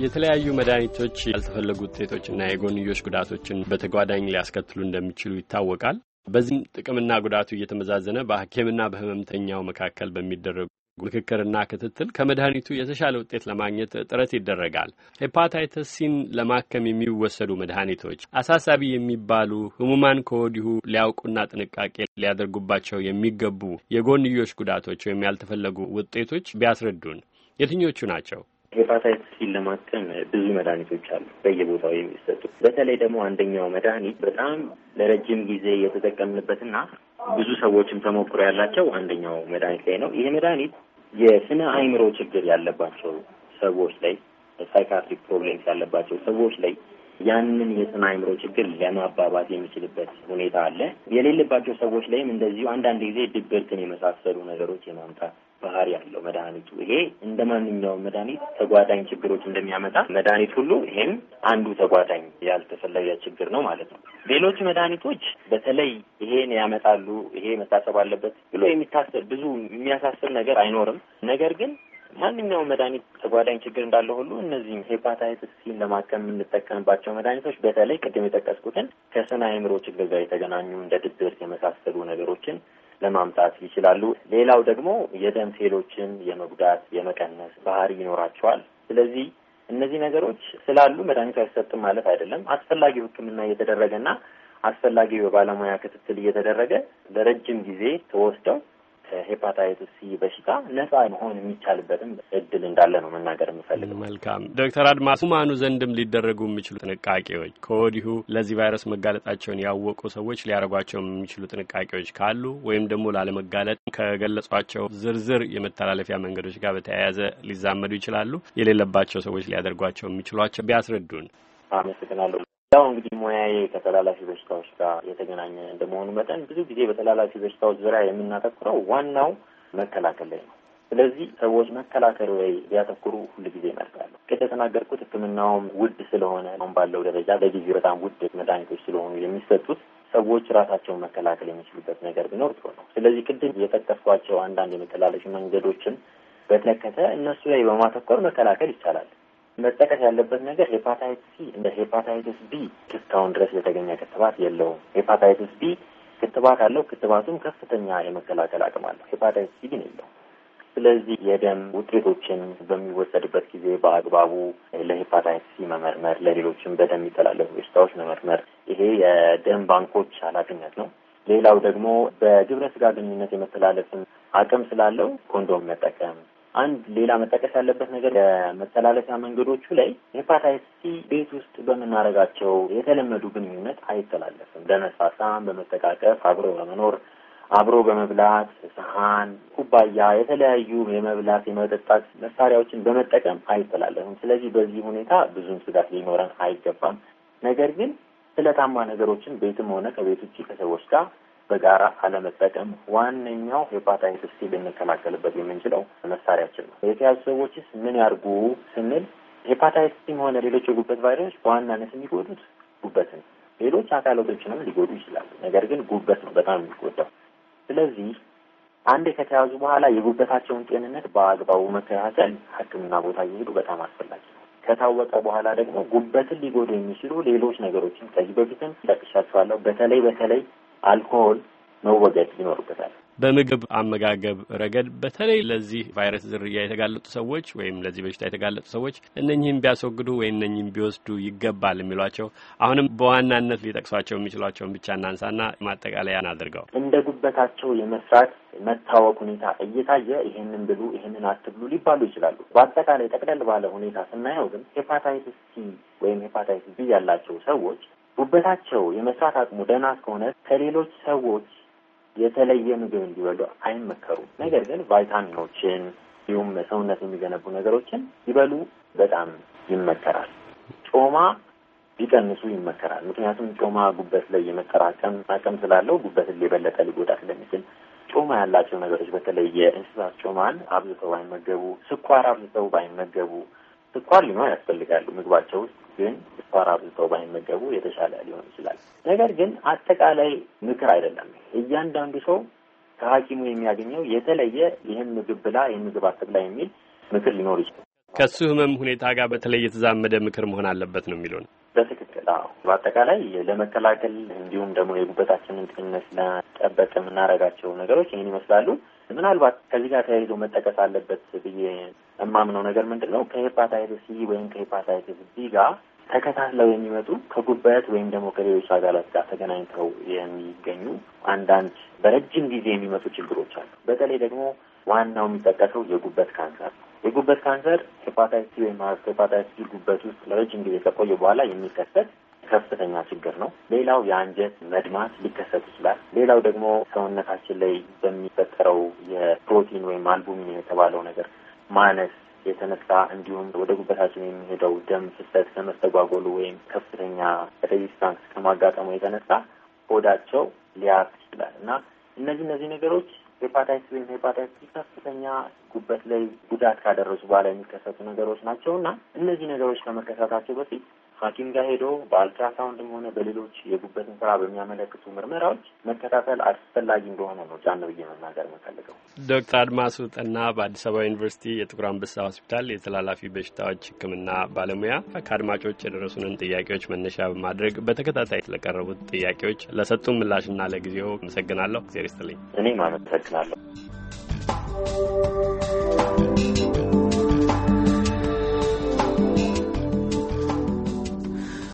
የተለያዩ መድኃኒቶች ያልተፈለጉ ውጤቶችና የጎንዮሽ ጉዳቶችን በተጓዳኝ ሊያስከትሉ እንደሚችሉ ይታወቃል። በዚህም ጥቅምና ጉዳቱ እየተመዛዘነ በሐኪምና በህመምተኛው መካከል በሚደረጉ ምክክርና ክትትል ከመድኃኒቱ የተሻለ ውጤት ለማግኘት ጥረት ይደረጋል። ሄፓታይተስ ሲን ለማከም የሚወሰዱ መድኃኒቶች አሳሳቢ የሚባሉ ህሙማን ከወዲሁ ሊያውቁና ጥንቃቄ ሊያደርጉባቸው የሚገቡ የጎንዮሽ ጉዳቶች ወይም ያልተፈለጉ ውጤቶች ቢያስረዱን የትኞቹ ናቸው? ሄፓታይተስ ሲን ለማከም ብዙ መድኃኒቶች አሉ በየቦታው የሚሰጡ። በተለይ ደግሞ አንደኛው መድኃኒት በጣም ለረጅም ጊዜ የተጠቀምንበትና ብዙ ሰዎችም ተሞክሮ ያላቸው አንደኛው መድኃኒት ላይ ነው። ይሄ መድኃኒት የስነ አይምሮ ችግር ያለባቸው ሰዎች ላይ ሳይካትሪክ ፕሮብሌምስ ያለባቸው ሰዎች ላይ ያንን የስነ አእምሮ ችግር ለማባባት የሚችልበት ሁኔታ አለ። የሌለባቸው ሰዎች ላይም እንደዚሁ አንዳንድ ጊዜ ድብርትን የመሳሰሉ ነገሮች የማምጣት ባህሪ ያለው መድኃኒቱ። ይሄ እንደ ማንኛውም መድኃኒት ተጓዳኝ ችግሮች እንደሚያመጣ መድኃኒት ሁሉ ይሄም አንዱ ተጓዳኝ ያልተፈለገ ችግር ነው ማለት ነው። ሌሎች መድኃኒቶች በተለይ ይሄን ያመጣሉ፣ ይሄ መታሰብ አለበት ብሎ የሚታሰብ ብዙ የሚያሳስብ ነገር አይኖርም። ነገር ግን ማንኛውም መድኃኒት ተጓዳኝ ችግር እንዳለ ሁሉ እነዚህም ሄፓታይትስ ሲን ለማከም የምንጠቀምባቸው መድኃኒቶች በተለይ ቅድም የጠቀስኩትን ከስነ አእምሮ ችግር ጋር የተገናኙ እንደ ድብርት የመሳሰሉ ነገሮችን ለማምጣት ይችላሉ። ሌላው ደግሞ የደም ሴሎችን የመጉዳት የመቀነስ ባህሪ ይኖራቸዋል። ስለዚህ እነዚህ ነገሮች ስላሉ መድኃኒቱ አይሰጥም ማለት አይደለም። አስፈላጊው ሕክምና እየተደረገና አስፈላጊው የባለሙያ ክትትል እየተደረገ ለረጅም ጊዜ ተወስደው ሄፓታይትስ ሲ በሽታ ነጻ መሆን የሚቻልበትም እድል እንዳለ ነው መናገር የምፈልግ። መልካም ዶክተር አድማስ ሁማኑ ዘንድም ሊደረጉ የሚችሉ ጥንቃቄዎች ከወዲሁ ለዚህ ቫይረስ መጋለጣቸውን ያወቁ ሰዎች ሊያደርጓቸው የሚችሉ ጥንቃቄዎች ካሉ ወይም ደግሞ ላለመጋለጥ ከገለጿቸው ዝርዝር የመተላለፊያ መንገዶች ጋር በተያያዘ ሊዛመዱ ይችላሉ የሌለባቸው ሰዎች ሊያደርጓቸው የሚችሏቸው ቢያስረዱን። አመሰግናለሁ። ያው እንግዲህ ሙያዬ ከተላላፊ በሽታዎች ጋር የተገናኘ እንደመሆኑ መጠን ብዙ ጊዜ በተላላፊ በሽታዎች ዙሪያ የምናተኩረው ዋናው መከላከል ላይ ነው። ስለዚህ ሰዎች መከላከል ላይ ሊያተኩሩ ሁል ጊዜ እመርጣለሁ። እንደተናገርኩት ሕክምናውም ውድ ስለሆነ አሁን ባለው ደረጃ ለጊዜ በጣም ውድ መድኃኒቶች ስለሆኑ የሚሰጡት ሰዎች ራሳቸውን መከላከል የሚችሉበት ነገር ቢኖር ጥሩ ነው። ስለዚህ ቅድም የጠቀስኳቸው አንዳንድ የመተላለፊ መንገዶችን በተከተ እነሱ ላይ በማተኮር መከላከል ይቻላል። መጠቀስ ያለበት ነገር ሄፓታይትስ ሲ እንደ ሄፓታይትስ ቢ እስካሁን ድረስ የተገኘ ክትባት የለውም። ሄፓታይትስ ቢ ክትባት አለው። ክትባቱም ከፍተኛ የመከላከል አቅም አለው። ሄፓታይትስ ሲ ግን የለው። ስለዚህ የደም ውጤቶችን በሚወሰድበት ጊዜ በአግባቡ ለሄፓታይትስ ሲ መመርመር፣ ለሌሎችም በደም የሚተላለፉ በሽታዎች መመርመር፣ ይሄ የደም ባንኮች ኃላፊነት ነው። ሌላው ደግሞ በግብረ ስጋ ግንኙነት የመተላለፍን አቅም ስላለው ኮንዶም መጠቀም አንድ ሌላ መጠቀስ ያለበት ነገር የመተላለፊያ መንገዶቹ ላይ ሄፓታይት ሲ ቤት ውስጥ በምናደርጋቸው የተለመዱ ግንኙነት አይተላለፍም። በመሳሳም፣ በመጠቃቀፍ፣ አብሮ በመኖር አብሮ በመብላት ሰሀን፣ ኩባያ፣ የተለያዩ የመብላት የመጠጣት መሳሪያዎችን በመጠቀም አይተላለፍም። ስለዚህ በዚህ ሁኔታ ብዙም ስጋት ሊኖረን አይገባም። ነገር ግን ስለታማ ነገሮችን ቤትም ሆነ ከቤት ውጭ ከሰዎች ጋር በጋራ አለመጠቀም ዋነኛው ሄፓታይትስ ሲ ልንከላከልበት የምንችለው መሳሪያችን ነው። የተያዙ ሰዎችስ ምን ያርጉ ስንል ሄፓታይተስም ሆነ ሌሎች የጉበት ቫይረሶች በዋናነት የሚጎዱት ጉበትን፣ ሌሎች አካላቶችንም ሊጎዱ ይችላሉ። ነገር ግን ጉበት ነው በጣም የሚጎዳው። ስለዚህ አንዴ ከተያዙ በኋላ የጉበታቸውን ጤንነት በአግባቡ መከታተል ሕክምና ቦታ እየሄዱ በጣም አስፈላጊ ነው። ከታወቀ በኋላ ደግሞ ጉበትን ሊጎዱ የሚችሉ ሌሎች ነገሮችን ከዚህ በፊትም ጠቅሻቸዋለሁ። በተለይ በተለይ አልኮሆል መወገድ ይኖርበታል። በምግብ አመጋገብ ረገድ በተለይ ለዚህ ቫይረስ ዝርያ የተጋለጡ ሰዎች ወይም ለዚህ በሽታ የተጋለጡ ሰዎች እነኝህም ቢያስወግዱ ወይም እነኝህም ቢወስዱ ይገባል የሚሏቸው አሁንም በዋናነት ሊጠቅሷቸው የሚችሏቸውን ብቻ እናንሳና ማጠቃለያ አድርገው እንደ ጉበታቸው የመስራት መታወቅ ሁኔታ እየታየ ይህንን ብሉ፣ ይህንን አትብሉ ሊባሉ ይችላሉ። በአጠቃላይ ጠቅለል ባለ ሁኔታ ስናየው ግን ሄፓታይትስ ሲ ወይም ሄፓታይትስ ቢ ያላቸው ሰዎች ጉበታቸው የመስራት አቅሙ ደህና እስከሆነ ከሌሎች ሰዎች የተለየ ምግብ እንዲበሉ አይመከሩም። ነገር ግን ቫይታሚኖችን እንዲሁም ሰውነት የሚገነቡ ነገሮችን ይበሉ በጣም ይመከራል። ጮማ ቢቀንሱ ይመከራል። ምክንያቱም ጮማ ጉበት ላይ የመጠራቀም አቅም ስላለው ጉበትን የበለጠ ሊጎዳ ስለሚችል ጮማ ያላቸው ነገሮች በተለይ የእንስሳት ጮማን አብዝተው ባይመገቡ፣ ስኳር አብዝተው ባይመገቡ ስኳር ሊኖር ያስፈልጋሉ። ምግባቸው ውስጥ ግን ስኳር አብዝተው ባይመገቡ የተሻለ ሊሆን ይችላል። ነገር ግን አጠቃላይ ምክር አይደለም። እያንዳንዱ ሰው ከሐኪሙ የሚያገኘው የተለየ ይህን ምግብ ብላ፣ ይህን ምግብ አትብላ የሚል ምክር ሊኖር ይችላል። ከሱ ህመም ሁኔታ ጋር በተለይ የተዛመደ ምክር መሆን አለበት ነው የሚለውን በትክክል አዎ። በአጠቃላይ ለመከላከል እንዲሁም ደግሞ የጉበታችንን ጤንነት ለመጠበቅ የምናደርጋቸው ነገሮች ይህን ይመስላሉ። ምናልባት ከዚህ ጋር ተያይዞ መጠቀስ አለበት ብዬ የማምነው ነገር ምንድን ነው ከሄፓታይትስ ሲ ወይም ከሄፓታይትስ ቢ ጋር ተከታትለው የሚመጡ ከጉበት ወይም ደግሞ ከሌሎች አካላት ጋር ተገናኝተው የሚገኙ አንዳንድ በረጅም ጊዜ የሚመጡ ችግሮች አሉ። በተለይ ደግሞ ዋናው የሚጠቀሰው የጉበት ካንሰር የጉበት ካንሰር ሄፓታይትስ ሲ ወይም ሄፓታይትስ ቢ ጉበት ውስጥ ለረጅም ጊዜ ከቆየ በኋላ የሚከሰት ከፍተኛ ችግር ነው። ሌላው የአንጀት መድማት ሊከሰት ይችላል። ሌላው ደግሞ ሰውነታችን ላይ በሚፈጠረው የፕሮቲን ወይም አልቡሚን የተባለው ነገር ማነስ የተነሳ እንዲሁም ወደ ጉበታችን የሚሄደው ደም ፍሰት ከመስተጓጎሉ ወይም ከፍተኛ ሬዚስታንስ ከማጋጠሙ የተነሳ ሆዳቸው ሊያርፍ ይችላል እና እነዚህ እነዚህ ነገሮች ሄፓታይትስ ወይም ሄፓታይትስ ከፍተኛ ጉበት ላይ ጉዳት ካደረሱ በኋላ የሚከሰቱ ነገሮች ናቸው እና እነዚህ ነገሮች ከመከሰታቸው በፊት ሐኪም ጋር ሄዶ በአልትራሳውንድም ሆነ በሌሎች የጉበትን ስራ በሚያመለክቱ ምርመራዎች መከታተል አስፈላጊ እንደሆነ ነው ጫን ብዬ መናገር የምፈልገው። ዶክተር አድማሱ ጠና በአዲስ አበባ ዩኒቨርሲቲ የጥቁር አንበሳ ሆስፒታል የተላላፊ በሽታዎች ሕክምና ባለሙያ ከአድማጮች የደረሱንን ጥያቄዎች መነሻ በማድረግ በተከታታይ ለቀረቡት ጥያቄዎች ለሰጡ ምላሽና ለጊዜው አመሰግናለሁ። እግዜር ይስጥልኝ። እኔም አመሰግናለሁ።